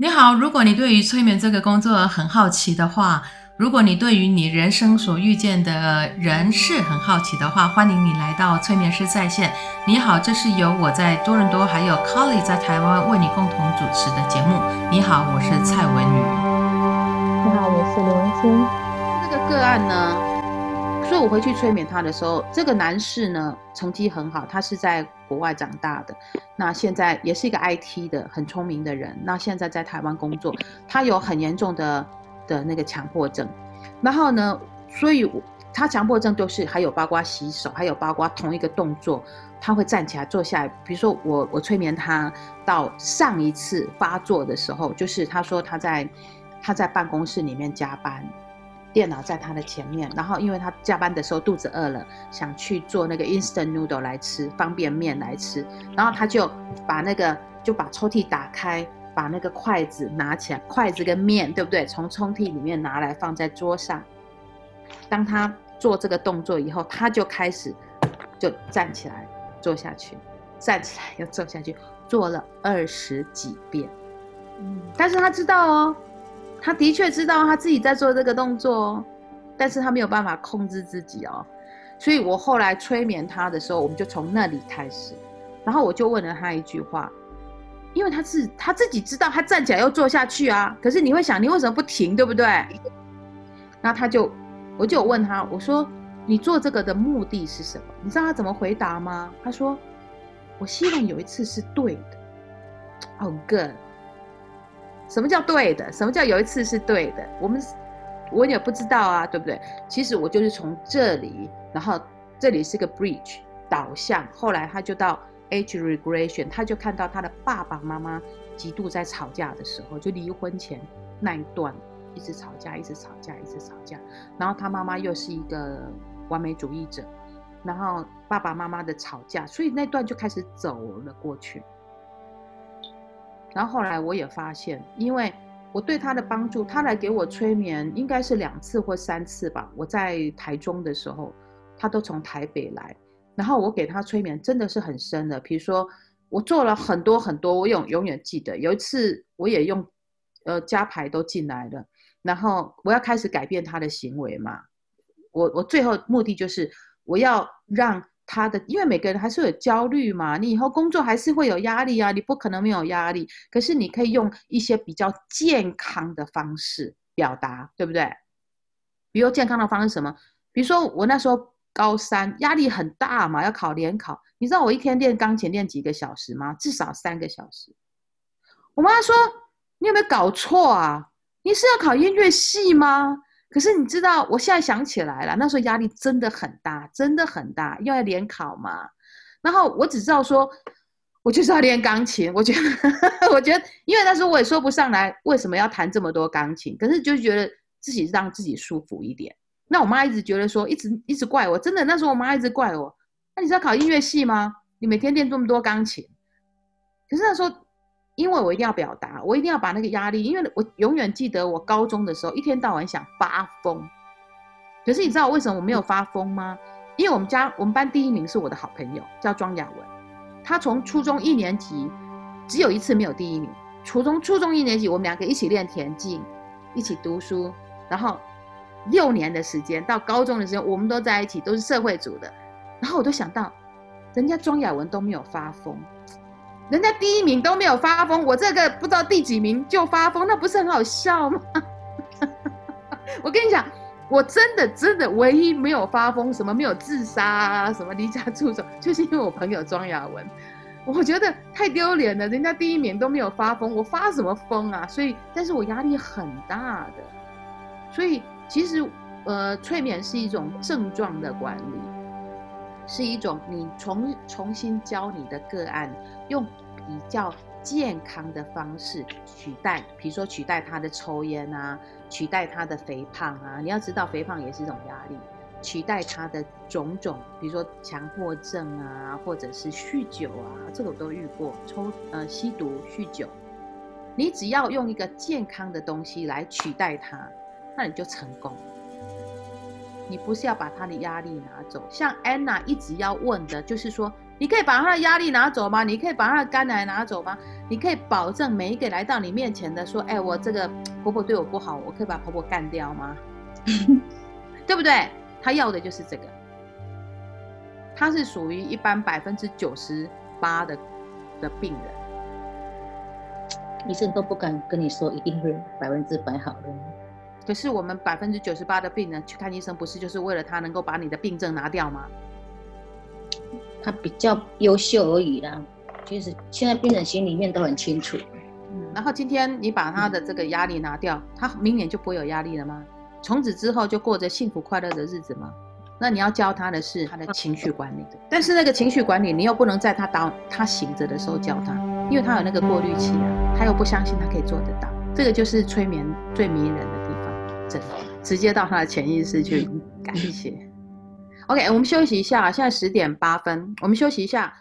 你好，如果你對於催眠這個工作很好奇的話，如果你對於你人生所遇見的人事很好奇的話，歡迎你來到催眠師在線。你好，這是由我在多倫多，還有 Colly 在台灣為你共同主持的節目。你好，我是蔡文宇。你好，我是劉文清。這、那個個案呢，所以我回去催眠他的時候，這個男士呢，成績很好，他是在。國外長大的，那現在也是一個 IT 的很聰明的人。那現在在台灣工作，他有很嚴重的的那個強迫症。然後呢，所以他強迫症就是，還有包括洗手，還有包括同一個動作，他會站起來坐下來。比如說，我我催眠他到上一次發作的時候，就是他說他在他在辦公室裡面加班。電腦在他的前面，然後因為他下班的時候肚子餓了，想去做那個 instant noodle 來吃方便麵來吃，然後他就把那個就把抽屜打開，把那個筷子拿起來，筷子跟麵，對不對？從抽屜裡面拿來放在桌上。當他做這個動作以後，他就開始就站起來坐下去，站起來又坐下去，做了二十幾遍。嗯，但是他知道哦。他的確知道他自己在做這個動作，但是他沒有辦法控制自己哦，所以我後來催眠他的時候，我們就從那裡開始，然後我就問了他一句話，因為他是他自己知道他站起來又坐下去啊，可是你會想你為什麼不停，對不對？那他就我就問他，我說你做這個的目的是什麼？你知道他怎麼回答嗎？他說，我希望有一次是對的。哦，good。什麼叫對的？什麼叫有一次是對的？我們我也不知道啊，對不對？其實我就是從這裡，然後這裡是個 bridge，導向，後來他就到 age regression，他就看到他的爸爸媽媽極度在吵架的時候，就離婚前那一段，一直吵架，一直吵架，一直吵架。然後他媽媽又是一個完美主義者，然後爸爸媽媽的吵架，所以那段就開始走了過去。然後後來我也發現，因為我對他的幫助，他來給我催眠應該是兩次或三次吧。我在台中的時候，他都從台北來，然後我給他催眠真的是很深的。比如說，我做了很多很多，我永永遠記得。有一次我也用，呃，加牌都進來了，然後我要開始改變他的行為嘛。我我最後目的就是我要讓。他的，因為每個人還是有焦慮嘛，你以後工作還是會有壓力啊，你不可能沒有壓力。可是你可以用一些比較健康的方式表達，對不對？比如健康的方式什麼？比如說我那時候高三，壓力很大嘛，要考聯考。你知道我一天練鋼琴練幾個小時嗎？至少三個小時。我媽說：“你有沒有搞錯啊？你是要考音樂系嗎？”可是你知道，我現在想起來了，那時候壓力真的很大，真的很大，又要聯考嘛。然後我只知道說，我就是要練鋼琴。我覺得， 我覺得，因為那時候我也說不上來為什麼要彈這麼多鋼琴。可是就是覺得自己讓自己舒服一點。那我媽一直覺得說，一直一直怪我，真的，那時候我媽一直怪我。那你知道考音樂系嗎？你每天練這麼多鋼琴。可是那時候。因為我一定要表達，我一定要把那個壓力，因為我永遠記得我高中的時候，一天到晚想發瘋。可是你知道為什麼我沒有發瘋嗎？因為我們家我們班第一名是我的好朋友，叫莊雅文。他從初中一年級只有一次沒有第一名。初中，初中一年級，我們兩個一起練田徑，一起讀書，然後六年的時間，到高中的時候，我們都在一起，都是社會組的。然後我都想到，人家莊雅文都沒有發瘋。人家第一名都沒有發瘋，我這個不知道第幾名就發瘋，那不是很好笑嗎？ 我跟你講，我真的真的唯一沒有發瘋，什麼沒有自殺啊，什麼離家出走，就是因為我朋友莊亞文，我覺得太丟臉了。人家第一名都沒有發瘋，我發什麼瘋啊？所以，但是我壓力很大的。所以，其實，呃，催眠是一種症狀的管理。是一種你重重，新教你的個案，用比較健康的方式取代，比如說取代他的抽煙啊，取代他的肥胖啊。你要知道，肥胖也是一種壓力。取代他的種種，比如說強迫症啊，或者是酗酒啊，這個我都遇過，抽呃吸毒、酗酒。你只要用一個健康的東西來取代他，那你就成功。你不是要把他的壓力拿走？像安娜一直要問的，就是說，你可以把他的壓力拿走嗎？你可以把他的肝癌拿走嗎？你可以保證每一個來到你面前的說，哎、欸，我這個婆婆對我不好，我可以把婆婆幹掉嗎？ 對不對？他要的就是這個。他是屬於一般百分之九十八的的病人，醫生都不敢跟你說一定會百分之百好的。可是我們百分之九十八的病人去看醫生，不是就是為了他能夠把你的病症拿掉嗎？他比較優秀而已啦。其實現在病人心裡面都很清楚、嗯。然後今天你把他的這個壓力拿掉、嗯，他明年就不會有壓力了嗎？從此之後就過着幸福快樂的日子嗎？那你要教他的是他的情緒管理、嗯、但是那個情緒管理，你又不能在他倒、他醒着的時候教他，因為他有那個過濾器啊，他又不相信他可以做得到。這個就是催眠最迷人的。直接到他的潛意識去感謝。OK，我們休息一下，現在十點八分，我們休息一下。